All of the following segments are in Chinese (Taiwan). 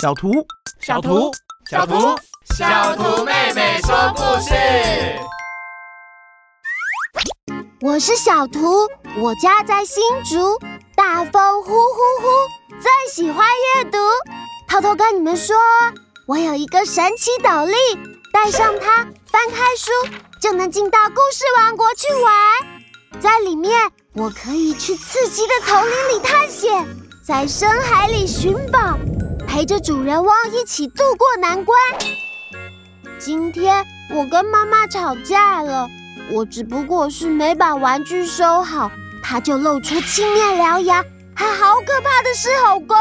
小圖，小圖，小圖，小圖，小圖妹妹說故事。我是小圖，我家在新竹，大風呼呼呼，最喜歡閱讀。偷偷跟你們說，我有一個神奇斗笠，戴上它，翻開書，就能進到故事王國去玩。在裡面，我可以去刺激的叢林裡探險，在深海裡尋寶。陪着主人翁一起度過難關。今天我跟媽媽吵架了，我只不過是沒把玩具收好，她就露出青面獠牙，還好可怕的獅吼功。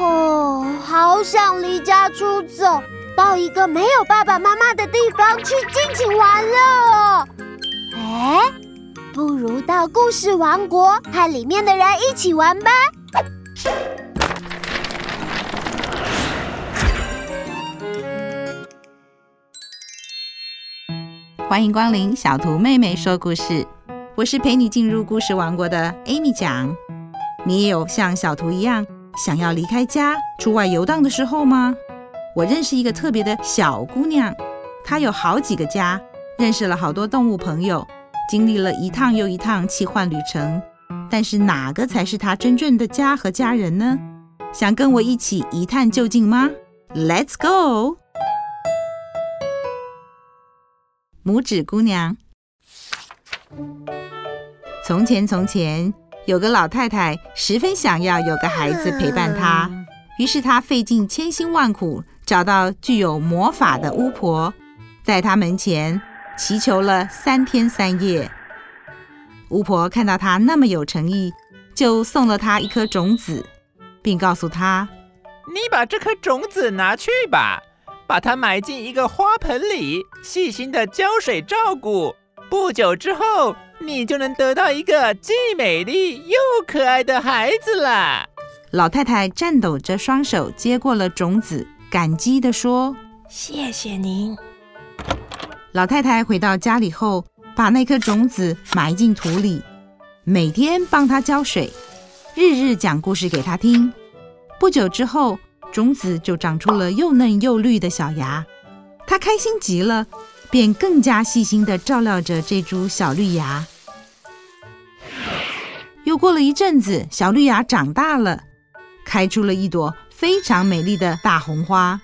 哦，好想離家出走，到一個沒有爸爸媽媽的地方去盡情玩樂。哎，不如到故事王國，和裡面的人一起玩吧。歡迎光臨小圖妹妹說故事，我是陪你進入故事王國的艾米醬，你也有像小圖一樣想要離開家出外遊蕩的時候嗎？我認識一個特別的小姑娘，她有好幾個家，認識了好多動物朋友，經歷了一趟又一趟奇幻旅程。但是哪個才是她真正的家和家人呢？想跟我一起一探究竟嗎？Let's go。拇指姑娘。從前，從前有個老太太，十分想要有個孩子陪伴她，於是她費盡千辛萬苦，找到具有魔法的巫婆，在她門前祈求了三天三夜。巫婆看到她那麼有誠意，就送了她一顆種子，並告訴她：“你把這顆種子拿去吧。”把它埋進一個花盆裡，細心的澆水照顧。不久之後，你就能得到一個既美麗又可愛的孩子了。老太太顫抖着雙手接過了種子，感激地說：“謝謝您。”老太太回到家裡後，把那顆種子埋進土裡，每天幫它澆水，日日講故事給它聽。不久之後，種子就長出了又嫩又綠的小芽，它開心極了，便更加細心的照料着這株小綠芽。又過了一陣子，小綠芽長大了，開出了一朵非常美麗的大紅花。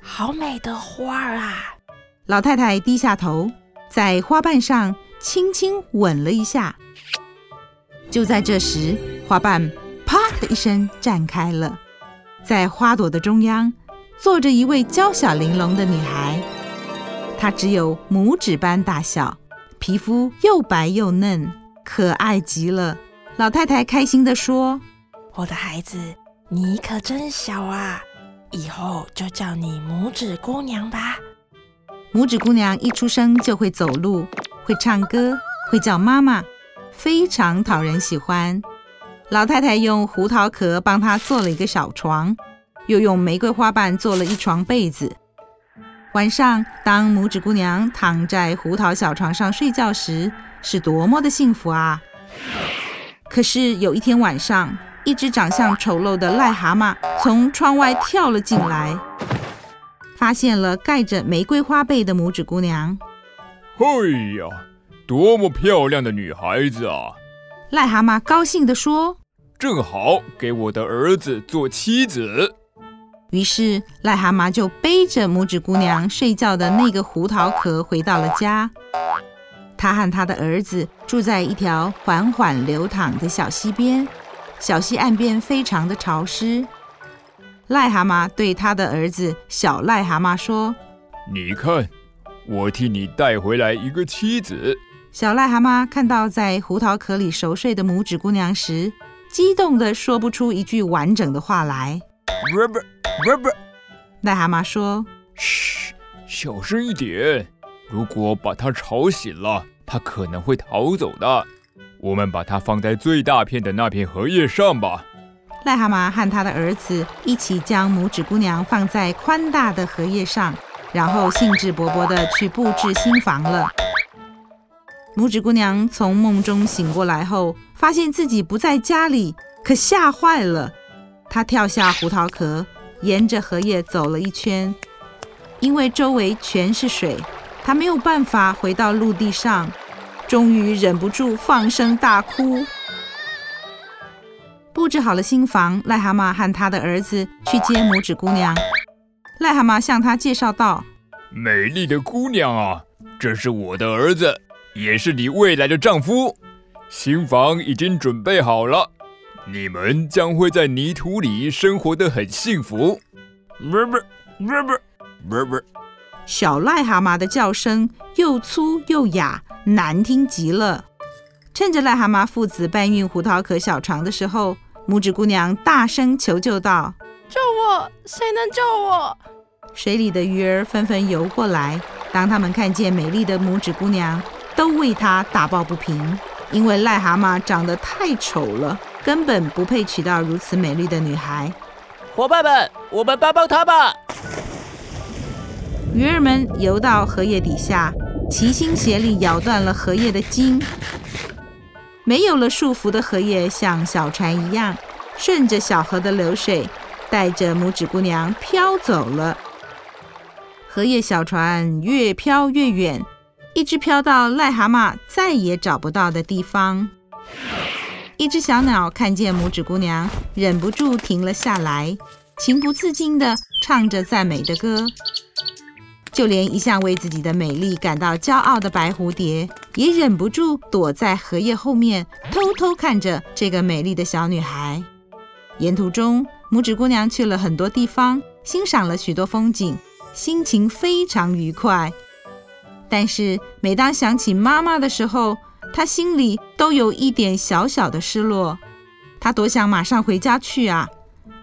好美的花兒啊！老太太低下頭，在花瓣上輕輕吻了一下。就在這時，花瓣啪的一聲綻開了。在花朵的中央，坐着一位嬌小玲瓏的女孩，她只有拇指般大小，皮膚又白又嫩，可愛極了。老太太開心地說：“我的孩子，你可真小啊！以後就叫你拇指姑娘吧。”拇指姑娘一出生就會走路，會唱歌，會叫媽媽，非常討人喜歡。老太太用胡桃殼幫她做了一個小床，又用玫瑰花瓣做了一床被子。晚上，當拇指姑娘躺在胡桃小床上睡覺時，是多麼的幸福啊！可是有一天晚上，一只長相醜陋的癩蛤蟆從窗外跳了進來，發現了蓋着玫瑰花被的拇指姑娘。嘿呀，多麼漂亮的女孩子啊！癩蛤蟆高興地說：“正好給我的兒子做妻子。”於是，癩蛤蟆就背着拇指姑娘睡覺的那個胡桃殼回到了家。他和他的兒子住在一條緩緩流淌的小溪邊，小溪岸邊非常的潮濕。癩蛤蟆對他的兒子小癩蛤蟆說：“你看，我替你帶回來一個妻子。”小癩蛤蟆看到在胡桃殼裡熟睡的拇指姑娘時，激動地說不出一句完整的話來。不不不不！癩蛤蟆說：“噓，小聲一點。如果把它吵醒了，它可能會逃走的。我們把它放在最大片的那片荷葉上吧。”癩蛤蟆和他的兒子一起將拇指姑娘放在寬大的荷葉上，然後興致勃勃地去布置新房了。拇指姑娘從夢中醒過來後，發現自己不在家裡，可嚇壞了。她跳下胡桃殼，沿着荷葉走了一圈，因為周圍全是水，她沒有辦法回到陸地上，終於忍不住放聲大哭。布置好了新房，癩蛤蟆和他的兒子去接拇指姑娘。癩蛤蟆向她介紹道：“美麗的姑娘啊，這是我的兒子。”也是你未來的丈夫，新房已經準備好了，你們將會在泥土裡生活得很幸福。小癩蛤蟆的叫聲又粗又啞，難聽極了。趁着癩蛤蟆父子搬運胡桃殼小床的時候，拇指姑娘大聲求救道：“救我！誰能救我？”水裡的魚兒紛紛游過來，當他們看見美麗的拇指姑娘。都為他打抱不平，因為癩蛤蟆長得太醜了，根本不配娶到如此美麗的女孩。夥伴們，我們幫幫他吧！魚兒們游到荷葉底下，齊心協力咬斷了荷葉的莖。沒有了束縛的荷葉像小船一樣，順着小河的流水，帶着拇指姑娘飄走了。荷葉小船越飄越遠。一直飄到癩蛤蟆再也找不到的地方。一隻小鳥看見拇指姑娘，忍不住停了下來，情不自禁地唱着讚美的歌。就連一向為自己的美麗感到驕傲的白蝴蝶，也忍不住躲在荷葉後面，偷偷看着這個美麗的小女孩。沿途中，拇指姑娘去了很多地方，欣賞了許多風景，心情非常愉快。但是每當想起媽媽的時候，她心裡都有一點小小的失落。她多想馬上回家去啊！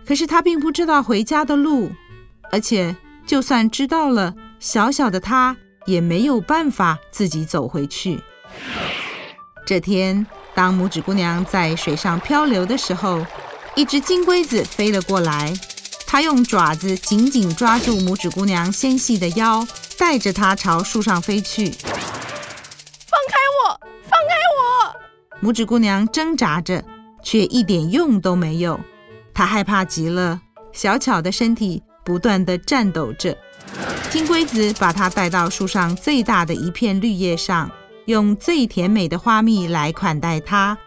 可是她並不知道回家的路，而且就算知道了，小小的她也沒有辦法自己走回去。這天，當拇指姑娘在水上漂流的時候，一隻金龜子飛了過來。他用爪子緊緊抓住拇指姑娘纖細的腰，帶着她朝樹上飛去。放開我！放開我！拇指姑娘掙扎着，卻一點用都沒有。她害怕極了，小巧的身體不斷地顫抖着。金龜子把她帶到樹上最大的一片綠葉上，用最甜美的花蜜來款待她。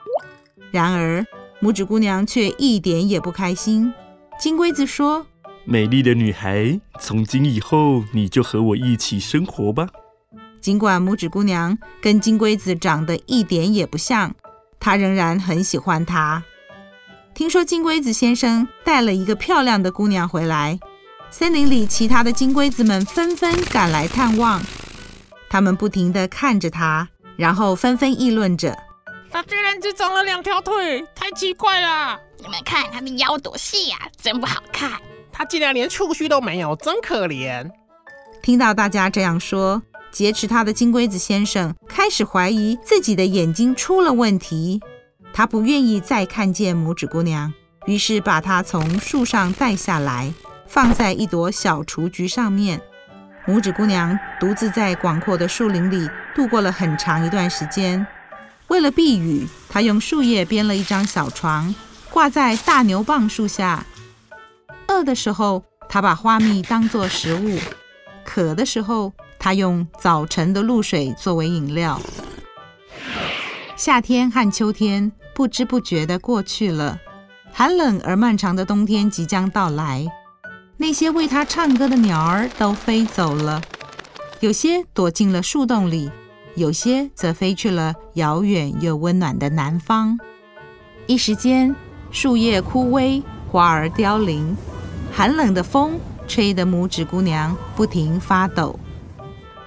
然而，拇指姑娘卻一點也不開心。金龜子說：“美麗的女孩，從今以後你就和我一起生活吧。”儘管拇指姑娘跟金龜子長得一點也不像，她仍然很喜歡她。聽說金龜子先生帶了一個漂亮的姑娘回來，森林裡其他的金龜子們紛紛趕來探望，他們不停地看着她，然後紛紛議論着。他居然只長了兩條腿，太奇怪了！你們看他的腰多細呀，真不好看。他竟然連觸鬚都沒有，真可憐。聽到大家這樣說，劫持他的金龜子先生開始懷疑自己的眼睛出了問題。他不願意再看見拇指姑娘，於是把她從樹上帶下來，放在一朵小雛菊上面。拇指姑娘獨自在廣闊的樹林裡度過了很長一段時間。為了避雨，他用樹葉編了一張小床，掛在大牛蒡樹下。餓的時候，他把花蜜當作食物；渴的時候，他用早晨的露水作為飲料。夏天和秋天不知不覺地過去了，寒冷而漫長的冬天即將到來。那些為他唱歌的鳥兒都飛走了，有些躲進了樹洞裡。有些則飛去了遙遠又溫暖的南方。一時間，樹葉枯萎，花兒凋零，寒冷的風吹得拇指姑娘不停發抖。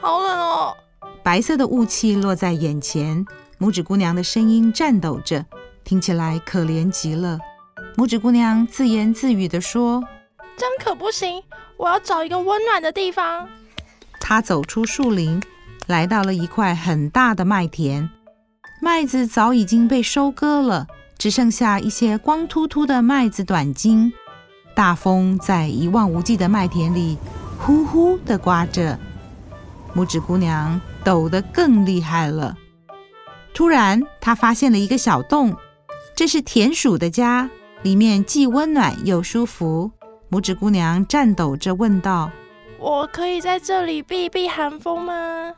好冷哦！白色的霧氣落在眼前，拇指姑娘的聲音顫抖着，聽起來可憐極了。拇指姑娘自言自語地說：“這樣可不行，我要找一個溫暖的地方。”她走出樹林。來到了一塊很大的麥田，麥子早已經被收割了，只剩下一些光禿禿的麥子短莖。大風在一望無際的麥田裡呼呼地颳着，拇指姑娘抖得更厲害了。突然，她發現了一個小洞，這是田鼠的家，裡面既溫暖又舒服。拇指姑娘顫抖着問道：“我可以在這裡避避寒風嗎？”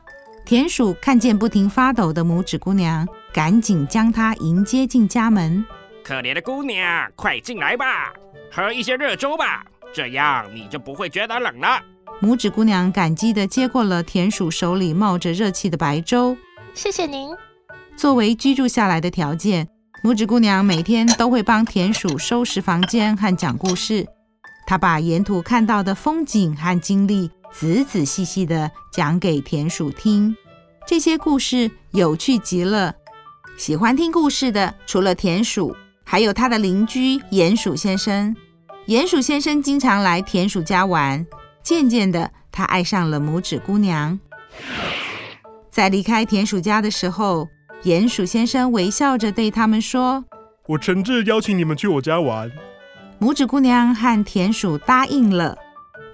田鼠看見不停發抖的拇指姑娘，趕緊將她迎接進家門。可憐的姑娘，快進來吧，喝一些熱粥吧，這樣你就不會覺得冷了。拇指姑娘感激地接過了田鼠手裡冒着熱氣的白粥。謝謝您。作為居住下來的條件，拇指姑娘每天都會幫田鼠收拾房間和講故事。她把沿途看到的風景和經歷。仔仔細細地講給田鼠聽，這些故事有趣極了。喜歡聽故事的除了田鼠，還有他的鄰居鼹鼠先生。鼹鼠先生經常來田鼠家玩，漸漸地，他愛上了拇指姑娘。在離開田鼠家的時候，鼹鼠先生微笑着對他們說：“我誠摯邀請你們去我家玩。”拇指姑娘和田鼠答應了。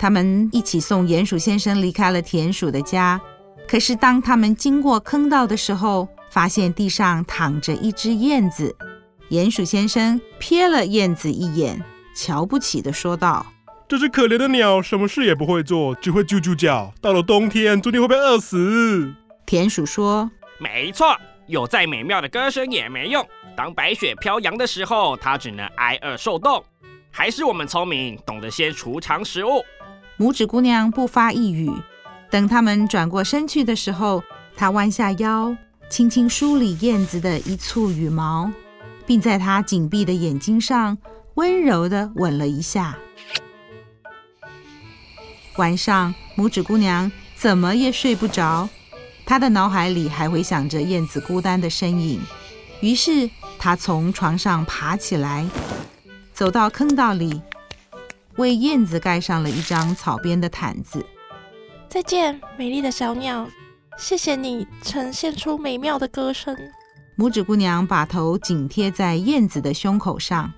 他們一起送鼴鼠先生離開了田鼠的家。可是當他們經過坑道的時候，發現地上躺着一隻燕子。鼴鼠先生瞥了燕子一眼，瞧不起的說道：“這隻可憐的鳥，什麼事也不會做，只會啾啾叫。到了冬天，注定會被餓死。”田鼠說：“沒錯，有再美妙的歌聲也沒用。當白雪飄揚的時候，它只能挨餓受凍。還是我們聰明，懂得先儲藏食物。”拇指姑娘不發一語。等他們轉過身去的時候，她彎下腰，輕輕梳理燕子的一簇羽毛，並在它緊閉的眼睛上溫柔的吻了一下。晚上，拇指姑娘怎麼也睡不着，她的腦海裡還會想着燕子孤單的身影。於是，她從床上爬起來，走到坑道裡。為燕子蓋上了一張草編的毯子。再見，美麗的小鳥，謝謝你呈現出美妙的歌聲。拇指姑娘把頭緊貼在燕子的胸口上，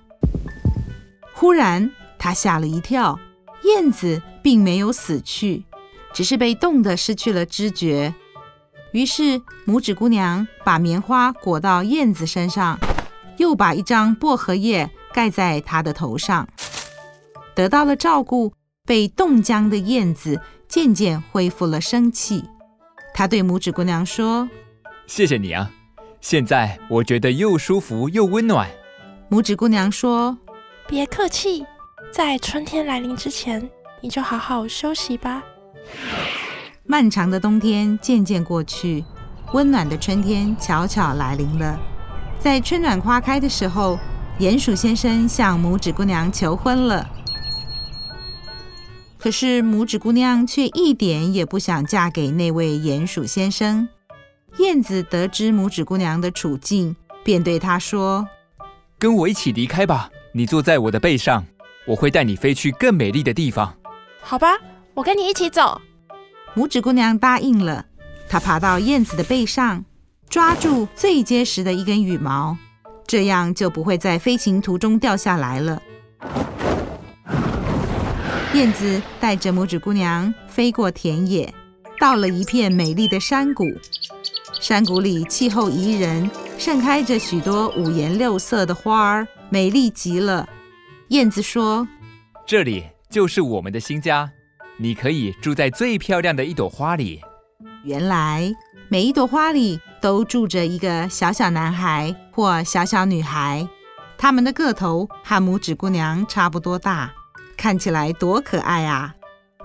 忽然她嚇了一跳，燕子並沒有死去，只是被凍得失去了知覺。於是拇指姑娘把棉花裹到燕子身上，又把一張薄荷葉蓋在它的頭上。得到了照顧，被凍僵的燕子漸漸恢復了生氣。他對拇指姑娘說：“謝謝你啊，現在我覺得又舒服又溫暖。”拇指姑娘說：“別客氣，在春天來臨之前，你就好好休息吧。”漫長的冬天漸漸過去，溫暖的春天悄悄來臨了。在春暖花開的時候，鼴鼠先生向拇指姑娘求婚了。可是拇指姑娘卻一點也不想嫁給那位鼴鼠先生。燕子得知拇指姑娘的處境，便對她說：“跟我一起離開吧，你坐在我的背上，我會帶你飛去更美麗的地方。”好吧，我跟你一起走。拇指姑娘答應了，她爬到燕子的背上，抓住最結實的一根羽毛，這樣就不會在飛行途中掉下來了。燕子帶着拇指姑娘飛過田野，到了一片美麗的山谷。山谷裡氣候宜人，盛開着許多五顏六色的花兒，美麗極了。燕子說：“這裡就是我們的新家，你可以住在最漂亮的一朵花裡。”原來，每一朵花裡都住着一個小小男孩或小小女孩，他們的個頭和拇指姑娘差不多大。看起來多可愛啊！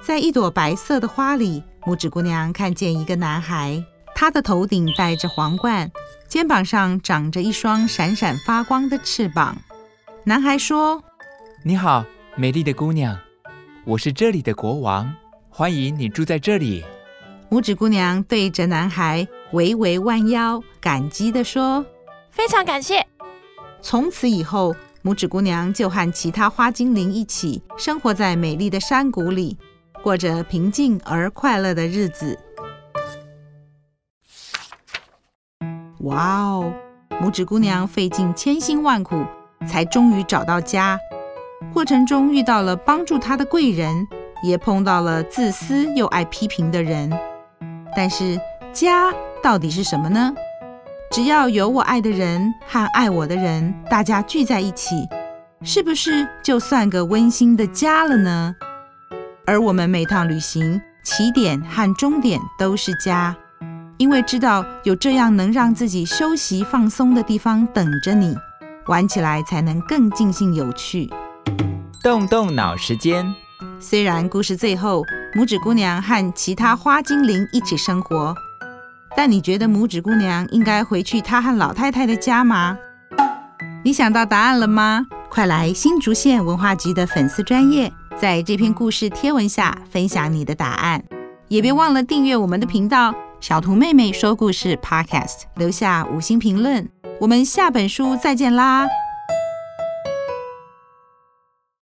在一朵白色的花裡，拇指姑娘看見一個男孩，他的頭頂戴着皇冠，肩膀上長着一雙閃閃發光的翅膀。男孩說：“你好，美麗的姑娘，我是這裡的國王，歡迎你住在這裡。”拇指姑娘對着男孩微微彎腰，感激地說：“非常感謝。”從此以後，拇指姑娘就和其他花精靈一起生活在美麗的山谷裡，過着平靜而快樂的日子。哇哦！拇指姑娘費盡千辛萬苦，才終於找到家。過程中遇到了幫助她的貴人，也碰到了自私又愛批評的人。但是，家到底是什麼呢？只要有我愛的人和愛我的人，大家聚在一起，是不是就算個溫馨的家了呢？而我們每趟旅行，起點和終點都是家，因為知道有這樣能讓自己休息放鬆的地方等着你，玩起來才能更盡興有趣。動動腦時間，雖然故事最後，拇指姑娘和其他花精靈一起生活。但你覺得拇指姑娘應該回去她和老太太的家嗎？你想到答案了嗎？快來新竹縣文化局的粉絲專頁，在這篇故事貼文下分享你的答案，也別忘了訂閱我們的頻道“小圖妹妹說故事 ”Podcast，留下五星評論。我們下本書再見啦！